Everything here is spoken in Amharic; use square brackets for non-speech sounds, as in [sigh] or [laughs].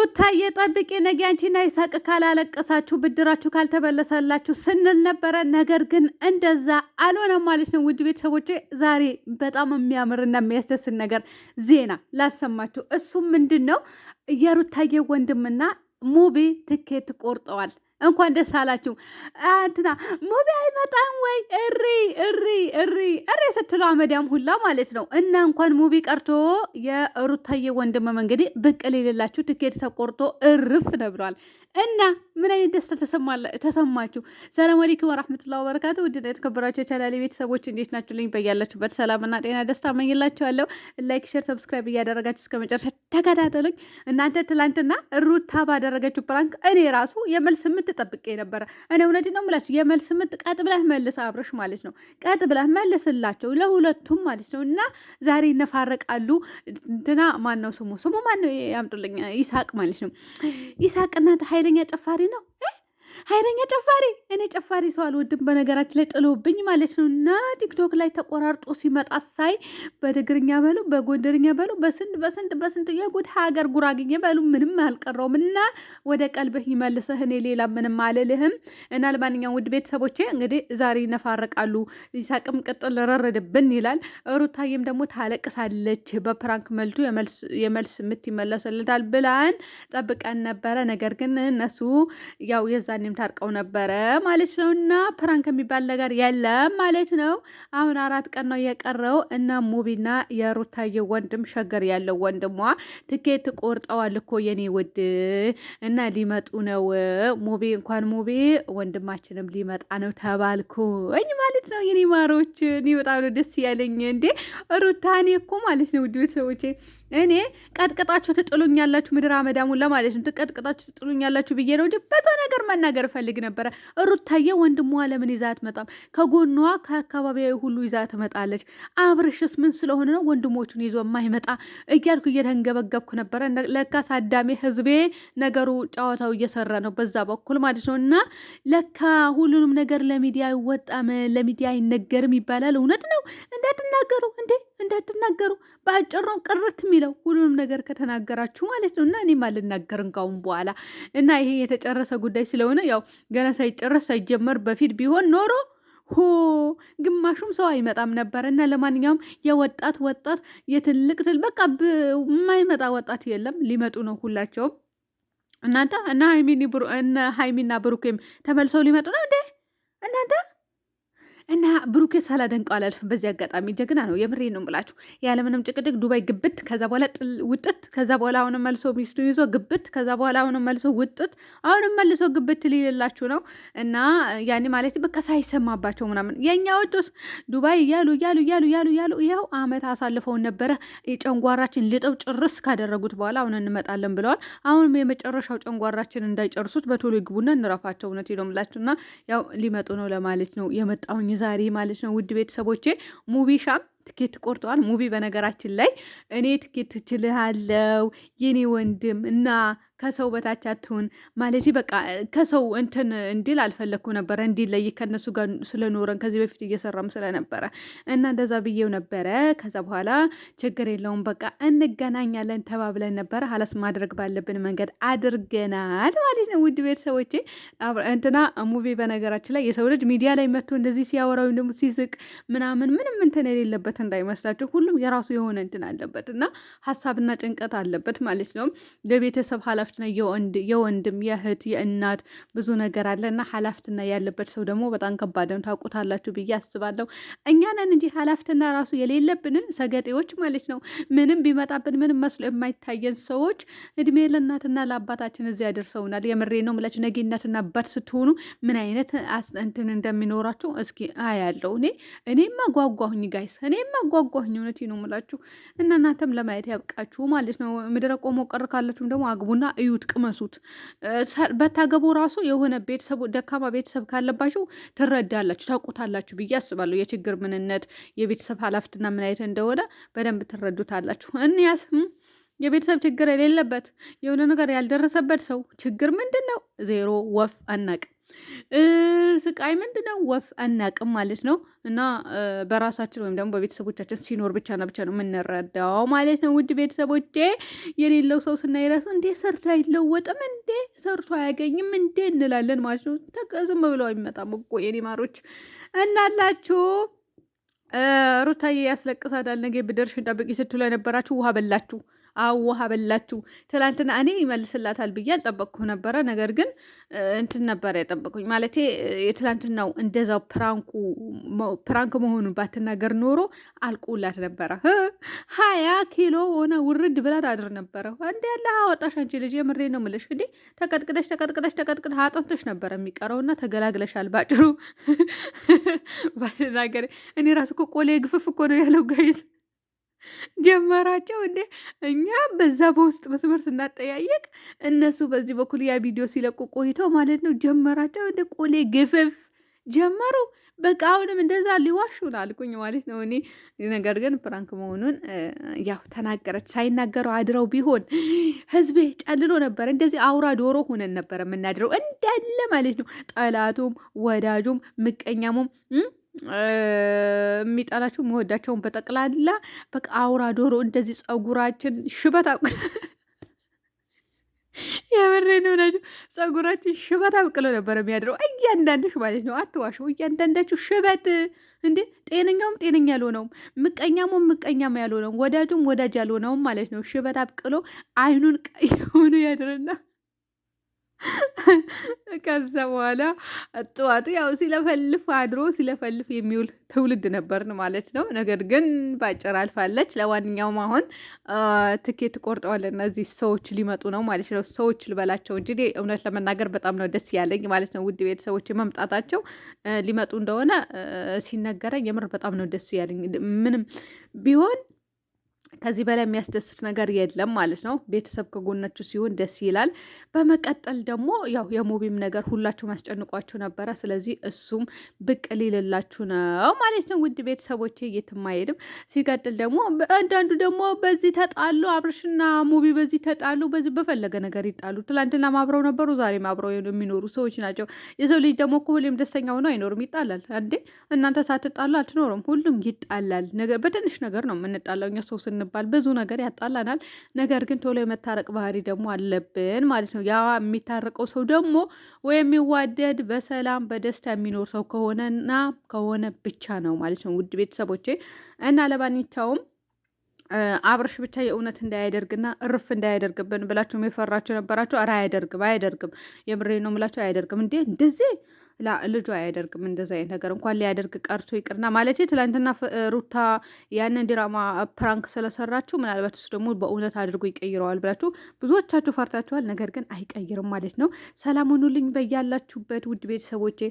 ሩታዬ ጠብቂ፣ ነገ አንቺና ይሳቅ ካላለቀሳችሁ ብድራችሁ ካልተበለሰላችሁ ስንል ነበረ። ነገር ግን እንደዛ አልሆነም ማለት ነው። ውድ ቤተሰቦቼ ዛሬ በጣም የሚያምርና የሚያስደስት ነገር ዜና ላሰማችሁ። እሱም ምንድን ነው? የሩታዬ ወንድምና ሙቢ ትኬት ቆርጠዋል። እንኳን ደስ አላችሁ። እንትና ሙቢ አይመጣም ወይ እሪ እሪ እሪ እሪ ስትለው አመዳም ሁላ ማለት ነው። እና እንኳን ሙቢ ቀርቶ የሩታዬ ወንድምም እንግዲህ ብቅ ሊልላችሁ ትኬት ተቆርጦ እርፍ ነብሯል። እና ምን አይነት ደስታ ተሰማችሁ? ሰላም አለይኩም ወራህመቱላሂ ወበረካቱ። ውድ የተከበራችሁ የቻናሌ ቤተሰቦች እንዴት ናችሁ? ልኝ በያላችሁበት ሰላምና ጤና ደስታ እመኝላችኋለሁ። ላይክ፣ ሼር፣ ሰብስክራይብ እያደረጋችሁ እስከ መጨረሻ ተከታተሉኝ። እናንተ ትላንትና ሩታ ባደረገችው ፕራንክ እኔ ራሱ የመልስ ምት ጠብቄ ነበረ። እኔ እውነት ነው የምላችሁ የመልስ ምት ቀጥ ብለህ መልስ አብረሽ ማለት ነው። ቀጥ ብለህ መልስላቸው ለሁለቱም ማለት ነው። እና ዛሬ ይነፋረቃሉ። እንትና ማን ነው ስሙ? ስሙ ማን ነው? ያምጡልኝ። ይሳቅ ማለት ነው። ይሳቅና ኃይለኛ ጨፋሪ ነው ኃይለኛ ጨፋሪ። እኔ ጨፋሪ ሰው አልወድም በነገራችን ላይ ጥሎብኝ ማለት ነው። እና ቲክቶክ ላይ ተቆራርጦ ሲመጣ ሳይ በትግርኛ በሉ በጎንደርኛ በሉ በስንድ በስንድ በስንድ የጉድ ሀገር ጉራግኝ በሉ ምንም አልቀረውም። እና ወደ ቀልብህ ይመልስህ። እኔ ሌላ ምንም አልልህም። እና ለማንኛውም ውድ ቤተሰቦቼ እንግዲህ ዛሬ ይነፋረቃሉ። ይሳቅም ቅጥል ረረድብን ይላል። ሩታዬም ደግሞ ታለቅሳለች። በፕራንክ መልቱ የመልስ ምት ይመለስልታል ብላን ጠብቀን ነበረ። ነገር ግን እነሱ ያው የዛ ሰኒም ታርቀው ነበረ ማለት ነው። እና ፕራንክ የሚባል ነገር የለም ማለት ነው። አሁን አራት ቀን ነው የቀረው እና ሙቢና የሩታዬ ወንድም ሸገር ያለው ወንድሟ ትኬት ቆርጠዋል እኮ የኔ ውድ እና ሊመጡ ነው። ሙቢ እንኳን ሙቢ ወንድማችንም ሊመጣ ነው ተባልኩ ተባልኩኝ ማለት ነው። የኔ ማሮች እኔ በጣም ነው ደስ ያለኝ። እንዴ ሩታኔ እኮ ማለት ነው ውድ ቤተሰቦቼ እኔ ቀጥቅጣችሁ ትጥሉኛላችሁ ምድር አመዳሙን ለማለት ነው። ቀጥቅጣችሁ ትጥሉኛላችሁ ብዬ ነው እንጂ በዛ ነገር መናገር እፈልግ ነበረ። ሩታዬ ወንድሟ ለምን ይዛ አትመጣም? ከጎኗ ከአካባቢያዊ ሁሉ ይዛ ትመጣለች። አብርሽስ ምን ስለሆነ ነው ወንድሞቹን ይዞ የማይመጣ እያልኩ እየተንገበገብኩ ነበረ። ለካስ አዳሜ ህዝቤ ነገሩ ጨዋታው እየሰራ ነው በዛ በኩል ማለት ነው። እና ለካ ሁሉንም ነገር ለሚዲያ አይወጣም፣ ለሚዲያ አይነገርም ይባላል። እውነት ነው። እንዳትናገሩ እንዴ እንዳትናገሩ በአጭር ቅርት የሚለው ሁሉንም ነገር ከተናገራችሁ ማለት ነው። እና እኔም አልናገርን ካሁን በኋላ እና ይሄ የተጨረሰ ጉዳይ ስለሆነ ያው ገና ሳይጨረስ ሳይጀመር በፊት ቢሆን ኖሮ ሆ ግማሹም ሰው አይመጣም ነበር። እና ለማንኛውም የወጣት ወጣት የትልቅ ትል በቃ የማይመጣ ወጣት የለም። ሊመጡ ነው ሁላቸውም እናንተ እና ሀይሚና ብሩኬም ተመልሰው ሊመጡ ነው እንደ ብሩኬ ሳላደንቀው አላልፍም። በዚህ አጋጣሚ ጀግና ነው፣ የምሬ ነው ምላችሁ። ያለምንም ጭቅድቅ ዱባይ ግብት፣ ከዛ በኋላ ጥል ውጥት፣ ከዛ በኋላ አሁንም መልሶ ሚስቱ ይዞ ግብት፣ ከዛ በኋላ አሁንም መልሶ ውጥት፣ አሁንም መልሶ ግብት ሊልላችሁ ነው እና ያኔ ማለት በቃ ሳይሰማባቸው ምናምን የእኛዎቹስ ዱባይ እያሉ እያሉ እያሉ እያሉ እያሉ ይኸው አመት አሳልፈውን ነበረ። የጨንጓራችን ልጠው ጭርስ ካደረጉት በኋላ አሁን እንመጣለን ብለዋል። አሁንም የመጨረሻው ጨንጓራችን እንዳይጨርሱት በቶሎ ይግቡና እንረፋቸው። እውነት ነው የምላችሁና ያው ሊመጡ ነው ለማለት ነው የመጣሁኝ ዛሬ ማለት ነው። ውድ ቤተሰቦቼ ሙቪ ሻም ትኬት ቆርጠዋል። ሙቢ በነገራችን ላይ እኔ ትኬት ችልሃለው የኔ ወንድም እና ከሰው በታች አትሁን ማለት በቃ ከሰው እንትን እንዲል አልፈለግኩ ነበረ እንዲለይ ከነሱ ጋር ስለኖረን ከዚህ በፊት እየሰራም ስለነበረ እና እንደዛ ብዬው ነበረ። ከዛ በኋላ ችግር የለውም በቃ እንገናኛለን ተባብለን ነበረ። ሀላስ ማድረግ ባለብን መንገድ አድርገናል ማለት ነው። ውድ ቤተሰቦቼ እንትና ሙቪ በነገራችን ላይ የሰው ልጅ ሚዲያ ላይ መጥቶ እንደዚህ ሲያወራ ወይም ደግሞ ሲስቅ ምናምን ምንም እንትን የሌለበት እንዳይመስላችሁ፣ ሁሉም የራሱ የሆነ እንትን አለበት እና ሀሳብና ጭንቀት አለበት ማለት ነው ለቤተሰብ ኃላፊ ኃላፊነት የወንድም የእህት የእናት ብዙ ነገር አለ እና ኃላፊነት ያለበት ሰው ደግሞ በጣም ከባድ ነው። ታውቁታላችሁ ብዬ አስባለሁ። እኛ ነን እንጂ ኃላፊነት ራሱ የሌለብን ሰገጤዎች ማለት ነው። ምንም ቢመጣብን ምንም መስሎ የማይታየን ሰዎች እድሜ ለእናትና ለአባታችን እዚያ ያደርሰውናል። የምሬ ነው የምላችሁ። ነጌነትና እናትና አባት ስትሆኑ ምን አይነት እንትን እንደሚኖራችሁ እስኪ አያለው። እኔ እኔማ ጓጓሁኝ ጋይስ፣ እኔማ ጓጓሁኝ። እውነቴን ነው ምላችሁ እና እናንተም ለማየት ያብቃችሁ ማለት ነው። ምድረ ቆሞ ቀር ካላችሁም ደግሞ አግቡና እዩት፣ ቅመሱት። በታገቡ ራሱ የሆነ ቤተሰቡ ደካማ ቤተሰብ ካለባችሁ ትረዳላችሁ፣ ታውቁታላችሁ ብዬ አስባለሁ። የችግር ምንነት የቤተሰብ ኃላፊነትና ምን አይነት እንደሆነ በደንብ ትረዱታላችሁ። እንያስ የቤተሰብ ችግር የሌለበት የሆነ ነገር ያልደረሰበት ሰው ችግር ምንድን ነው? ዜሮ ወፍ አናውቅም። ስቃይ ነው? ወፍ አናቅም ማለት ነው። እና በራሳችን ወይም ደግሞ በቤተሰቦቻችን ሲኖር ብቻና ብቻ ነው የምንረዳው ማለት ነው። ውድ ቤተሰቦቼ የሌለው ሰው ስናይ ራሱ እንዴ ሰርቶ አይለወጥም እንዴ ሰርቶ አያገኝም እንዴ እንላለን ማለት ነው። ተቀዝም ብለው አይመጣም እኮ የኔ ማሮች እናላችሁ ሩታዬ ያስለቅሳዳል። ነገ ብደርሽ ጠብቂ ስትሉ የነበራችሁ ውሃ በላችሁ። አዋሃ በላችሁ። ትላንትና እኔ ይመልስላታል ብዬ አልጠበቅኩ ነበረ። ነገር ግን እንትን ነበረ የጠበቅኩኝ ማለቴ የትላንትናው እንደዛው ፕራንኩ ፕራንክ መሆኑን ባትናገር ኖሮ አልቁላት ነበረ። ሀያ ኪሎ ሆነ ውርድ ብላ ታድር ነበረ። እንደ ያለ አወጣሽ አንቺ ልጅ፣ የምሬ ነው ምልሽ። እንዴ ተቀጥቅደሽ ተቀጥቅደሽ ተቀጥቅደ አጥንቶች ነበረ የሚቀረውና ተገላግለሻል። ባጭሩ ባትናገር እኔ ራሱ እኮ ቆሌ ግፍፍ እኮ ነው ያለው ጋይዝ ጀመራቸው እንዴ! እኛ በዛ በውስጥ መስመር ስናጠያየቅ እነሱ በዚህ በኩል ያ ቪዲዮ ሲለቁ ቆይተው ማለት ነው። ጀመራቸው እንደ ቆሌ ግፍፍ ጀመሩ። በቃ አሁንም እንደዛ ሊዋሹን አልኩኝ ማለት ነው። እኔ ነገር ግን ፕራንክ መሆኑን ያው ተናገረች። ሳይናገረው አድረው ቢሆን ህዝቤ ጨልሎ ነበር። እንደዚህ አውራ ዶሮ ሆነን ነበር የምናድረው እንዳለ ማለት ነው። ጠላቱም ወዳጁም ምቀኛሙም የሚጣላቸው የሚወዳቸውን በጠቅላላ በቃ አውራ ዶሮ እንደዚህ ጸጉራችን ሽበት [laughs] የምሬን ሆናችሁ ጸጉራችን ሽበት አብቅሎ ነበረ የሚያድረው። እያንዳንድሽ ማለት ነው፣ አትዋሽው። እያንዳንዳችሁ ሽበት እንዴ! ጤነኛውም ጤነኛ ያልሆነውም፣ ምቀኛሙም ምቀኛም ያልሆነውም፣ ወዳጁም ወዳጅ ያልሆነውም ማለት ነው። ሽበት አብቅሎ አይኑን ቀይ ሆኖ ያድረና [laughs] ከዛ በኋላ ጠዋቱ ያው ሲለፈልፍ አድሮ ሲለፈልፍ የሚውል ትውልድ ነበርን ማለት ነው። ነገር ግን ባጭር አልፋለች። ለማንኛውም አሁን ትኬት ቆርጠዋል እነዚህ ሰዎች ሊመጡ ነው ማለት ነው። ሰዎች ልበላቸው እንጂ እውነት ለመናገር በጣም ነው ደስ ያለኝ ማለት ነው። ውድ ቤተሰቦች መምጣታቸው ሊመጡ እንደሆነ ሲነገረኝ የምር በጣም ነው ደስ ያለኝ። ምንም ቢሆን ከዚህ በላይ የሚያስደስት ነገር የለም ማለት ነው። ቤተሰብ ከጎናችሁ ሲሆን ደስ ይላል። በመቀጠል ደግሞ ያው የሙቢም ነገር ሁላችሁም ያስጨንቋችሁ ነበረ። ስለዚህ እሱም ብቅ ሊልላችሁ ነው ማለት ነው። ውድ ቤተሰቦቼ የትም አይሄድም። ሲቀጥል ደግሞ አንዳንዱ ደግሞ በዚህ ተጣሉ፣ አብርሽና ሙቢ በዚህ ተጣሉ፣ በዚህ በፈለገ ነገር ይጣሉ። ትላንትና አብረው ነበሩ፣ ዛሬም አብረው የሚኖሩ ሰዎች ናቸው። የሰው ልጅ ደግሞ እኮ ሁሌም ደስተኛ ሆኖ አይኖርም፣ ይጣላል። አንዴ እናንተ ሳትጣሉ አትኖርም። ሁሉም ይጣላል። ነገር በትንሽ ነገር ነው የምንጣላው እኛ ሰው ስን እንባል ብዙ ነገር ያጣላናል። ነገር ግን ቶሎ የመታረቅ ባህሪ ደግሞ አለብን ማለት ነው። ያ የሚታረቀው ሰው ደግሞ ወይ የሚዋደድ በሰላም በደስታ የሚኖር ሰው ከሆነና ከሆነ ብቻ ነው ማለት ነው። ውድ ቤተሰቦቼ እና ለማንኛውም አብርሽ ብቻ የእውነት እንዳያደርግና እርፍ እንዳያደርግብን ብላችሁ የፈራችሁ ነበራችሁ። ኧረ አያደርግም አያደርግም፣ የምሬ ነው የምላችሁ አያደርግም። እንዴ እንደዚህ ልጁ አያደርግም እንደዚ አይነት ነገር እንኳን ሊያደርግ ቀርቶ ይቅርና ማለት ትላንትና ሩታ ያንን ዲራማ ፕራንክ ስለሰራችሁ ምናልባት እሱ ደግሞ በእውነት አድርጎ ይቀይረዋል ብላችሁ ብዙዎቻችሁ ፈርታችኋል። ነገር ግን አይቀይርም ማለት ነው። ሰላም ሁኑልኝ በያላችሁበት ውድ ቤተሰቦቼ።